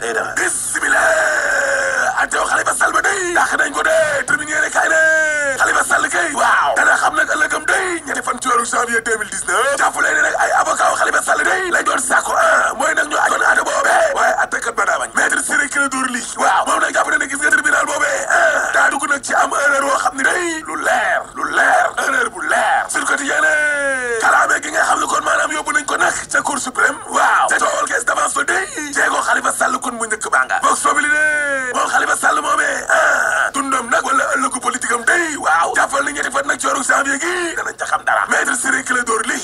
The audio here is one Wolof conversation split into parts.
day dara bismillah attew Khalifa Sall ba day dàq nañ ko dee tribune yéene kaay ne Khalifa Sall kay waaw dana xam nag ëllëgam day ñetti fan ci weeru janvier 2019 jàpp leen nag ay avocat Khalifa Sall day lañ doon sàkku ah mooy nag ñu ajoon aada boobee waaye attekat ba daa bañ maître Ciré Clédor Ly waaw moom nag jàpp na ne gis nga tribunal boobee ah daa dugg nag ci am erreur woo xam ne day lu leer lu leer erreur bu leer sur quotidien kalaame gi nga xam ne kon maanaam ko nag ca de moom Khalifa Sall moomee ah dundam nag wala ëllëgu politique am day waaw jàppal na ñetti fan nag cooru janvier gi danañ ca xam dara maître Ciré Clédor Ly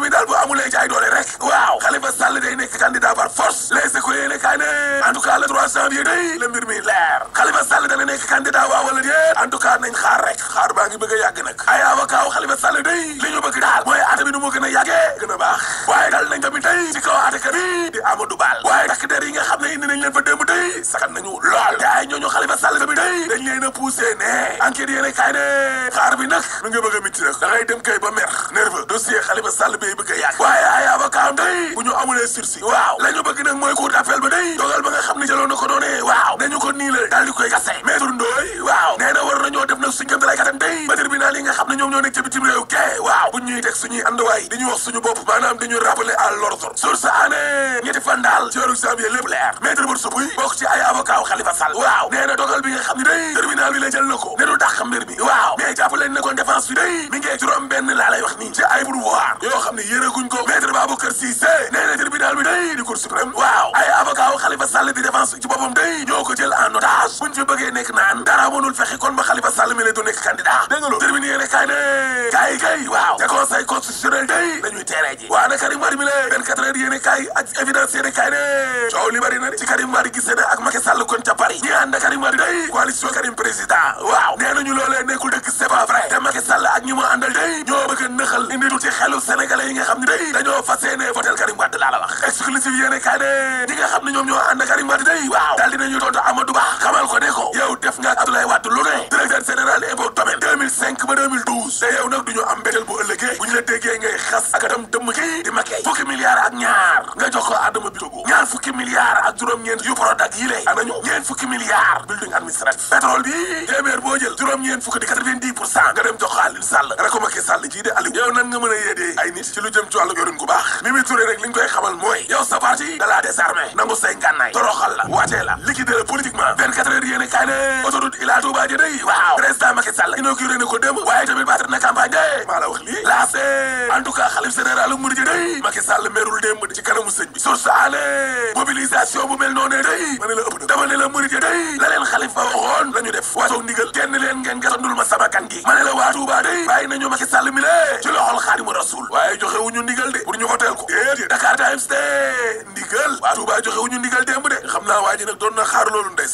mi daal bu amulee jaay doole rek waaw Khalifa Sall day nekk candidat par force les écoles ne kaay ne en tout cas le day la mbir mi leer Khalifa Sall dana nekk candidat waaw wala déet en tout cas nañ rek baa ngi bëgg a yàgg nag ay avocat wu Khalifa Sall day li ñu bëgg daal mooy atte bi nu mu gën a yàggee gën a baax waaye dal nañ tamit tey ci kaw attekat bi di Amadou Bal waaye takk der yi nga xam ne indi nañ leen fa démb tey sakan nañu lool te ay ñooñu Khalifa Sall tamit tey dañ leen a poussé ne enquête yéene kaay ne xaar bi nag nu ngi bëgg a mitti nag da ngay dem kay ba mer nerveux dossier Khalifa Sall bay bëgg a yàgg waaye ay avocat am tey bu ñu amulee sursis waaw la ñu bëgg nag mooy cour d'appel ba day dogal ba nga xam ne jëloon na ko doone waaw dañu ko nii la daal di koy gase maître Ndoye waaw nee na war xam ne suñ ko dalay katan day ba tribunal yi nga xam ne ñoom ñoo nekk buñ ñuy teg suñuy anduwaay di wax suñu bopp maanaam di ñu à l'ordre source année ñetti fan daal ceeru janvier lépp leer maître Boursou Pouye bokk ci ay avocat wu Khalifa waaw nee dogal bi nga xam ne day tribunal bi la jël na ko ne du mbir bi waaw mais jàpp leen ne kon défense bi day mi juróom benn laa lay wax nii ci ay pourvoir yoo xam ne yéreguñ ko maître Babacar Cissé nee na tribunal bi day di cour suprême waaw ay avocat wu te conseil constitutionnel day dañuy teere ji waane Karim Wade mi lee benn quatre heures yéene ak évidence yéene kaay ne coow li bari na ci Karim Wade gisee na ak Macky Sall kon ca Paris ñi ànd Karim Wade day coalition Karim président waaw nee nañu loolee nekkul dëgg c'est pas vrai te Macky Sall ak ñi mu àndal day ñoo bëgg a nëxal indi tuuti xelu sénégalais yi nga xam ne day dañoo fas yéene votel Karim Wade laa la wax exclusive yéene kaay ne ñi nga xam ne ñoom ñoo ànd Karim Wade mensonge te nag du ñu am mbéteel bu ëllëgee bu ñu la déggee ngay xas ak atam dëmm kii di Macky fukki milliards ak ñaar nga jox ko Adama Bitogo ñaar fukki milliards ak juróom-ñeent yu Prodac yi lay anañu ñeent fukki milliards building administratif pétrole bi téeméer boo jël juróom-ñeent fukki di quatre-vingt-dix pour nga dem jox ko Aliou Sall rek ko Macky Sall mën a yeedee ay nit ci lu jëm ci wàllu gu baax Mimi Touré rek li ñu da laa désarmé nangu 24 heures yéen a kaay ne autoroute Ila Touba ji day waaw président Macky Sall inauguré na ko démb waaye tamit battre na campagne de maa la wax lii laase en tout cas xalif général day Macky Sall merul démb ci kanamu sëñ bi source aane mobilisation bu mel noonu day ma la ëpp na dama ne la Mouride day la leen xalif ba waxoon la def waasoog ndigal génn leen ngeen gasandul ma sama gi ma la waa Touba day bàyyi nañu Macky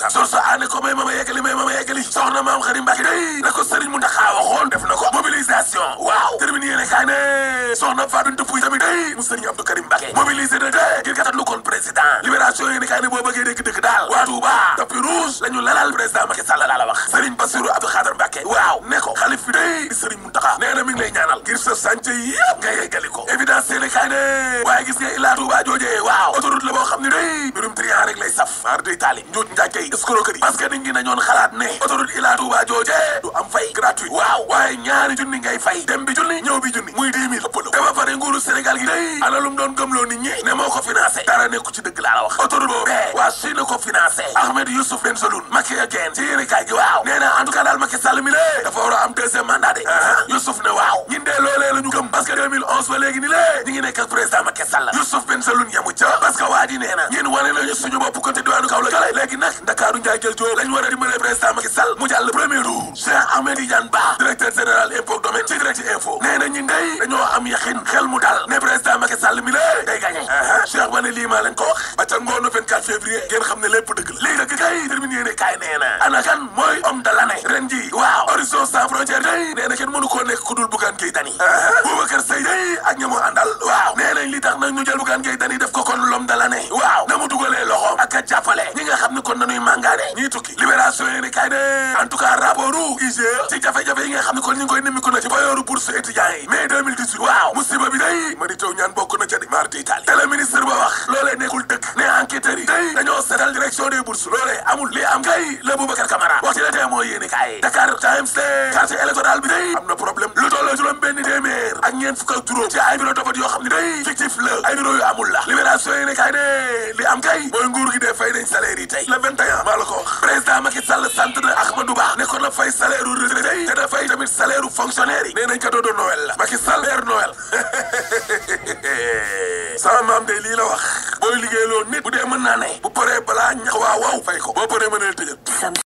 askan source aane ko may ma ma yeggali may ma ma yeggali soxna maam xarit Mbacke day la ko Serigne Mountakha waxoon def na ko mobilisation waaw termine yéene kaay ne soxna Fatou Ndouy tamit day mu Serigne Abdou Karim Mbacke mobilisé na de ngir gàttal lu kon président libération yéene kaay ne boo bëggee daal waa Touba tapis rouge la ñu lalal président Macky Sall laa la wax Serigne Bassirou Abdou Khadre Mbacke waaw ne ko xalif day di Serigne Mountakha nee na mi lay ñaanal ngir rek lay saf maar day taali njuuj njaaj kay escroquerie parce que nit ñi nañoon xalaat ne autoroute ila waa joojee du am fay gratuit waaw waaye ñaari junni ngay fay dem bi junni ñëw bi junni muy dix mille ëpp na dafa nguuru Sénégal gi day alalum doon gëmloo nit ñi ne moo ko financé dara nekku ci dëgg wax autoroute boobu waa Chine ko financé Ahmed Youssouf Ben Saloun Macky again ci yéene kaay gi waaw nee na en tout cas mi lée dafa war a am deuxième mandat de ah, ah. Youssouf ne waaw ñun dee loolee la ñu gëm parce que 2011 ba ni lée ñi ngi nekk ak président Macky Sall Ranérou Cheikh Amady Diane Ba directeur général impôts domaine ci direct info nee na ñi ndey dañoo am yaxin xel mu dal ne président Macky Sall mi lée day gagné Cheikh ba ne lii maa ba ca ngoonu février ngeen xam ne lépp dëgg la lii dëgg kay terminé yéene kaay nee na mooy homme de l'année ren ji waaw horizon sans frontière day nee kenn mënu koo nekk ku dul Bougane Gueye Dany Boubacar Seye day ak ñamoo àndal waaw nee nañ li tax nag jël Bougane Gueye Dany def ko a di tukki libération yéene kaay ne en tout cas rapportu IGE ci jafe-jafe yi nga xam ne ñu ngi koy na ci bayooru bourse étudiants yi mai 2018 waaw musiba bi day ma di taw ñaan bokk na ca di itali te le ministre ba wax loolee nekkul dëgg ne enquêteurs yi dañoo seetal direction des bourses loolee amul li am kay la Boubacar Camara wax ci la tee mooy yéene Dakar Times quartier électoral bi day am na problème lu tolloo ñeent fukk ak ci ay bureau de yoo xam ni day fictif la ay bureau yu amul la libération yi ne kay li am kay mooy nguur gi dee fay nañ salaire yi tey le 21 maa la ko wax président Macky Sall sant na Ahmadou Ba ne la fay salaire u te da fay tamit salaire u fonctionnaire yi nee nañ dodo Noël la Macky Sall Père Noël sama maam de lii la wax booy liggéeyloo nit bu dee mën naa ne bu paree balaa ñax waa waaw fay ko boo paree mëneel